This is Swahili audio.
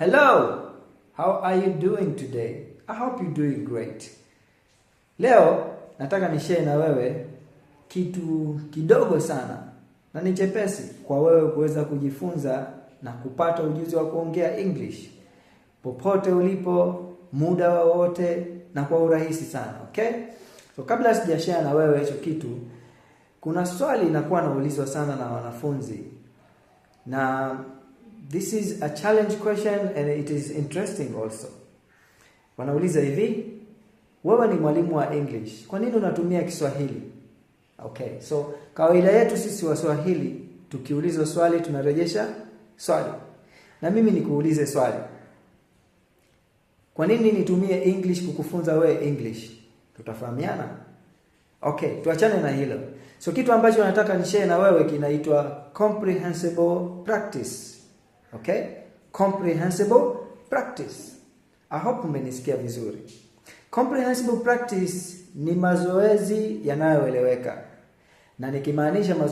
Hello, how are you doing today? I hope you're doing great. Leo nataka nishare na wewe kitu kidogo sana na ni chepesi kwa wewe kuweza kujifunza na kupata ujuzi wa kuongea English popote ulipo, muda wowote na kwa urahisi sana, okay? So kabla sijashare na wewe hicho kitu, kuna swali inakuwa naulizwa sana na wanafunzi na this is a challenge question and it is interesting also. Wanauliza hivi, wewe ni mwalimu wa English, kwa nini unatumia Kiswahili? Okay, so kawaida yetu sisi Waswahili tukiulizwa swali tunarejesha swali, na mimi nikuulize swali, kwa nini nitumie English kukufunza wewe English? Tutafahamiana? Okay, tuachane na hilo. So kitu ambacho nataka nishee na wewe kinaitwa comprehensible practice okay? Comprehensible practice. I hope umenisikia vizuri. Comprehensible practice ni mazoezi yanayoeleweka, na nikimaanisha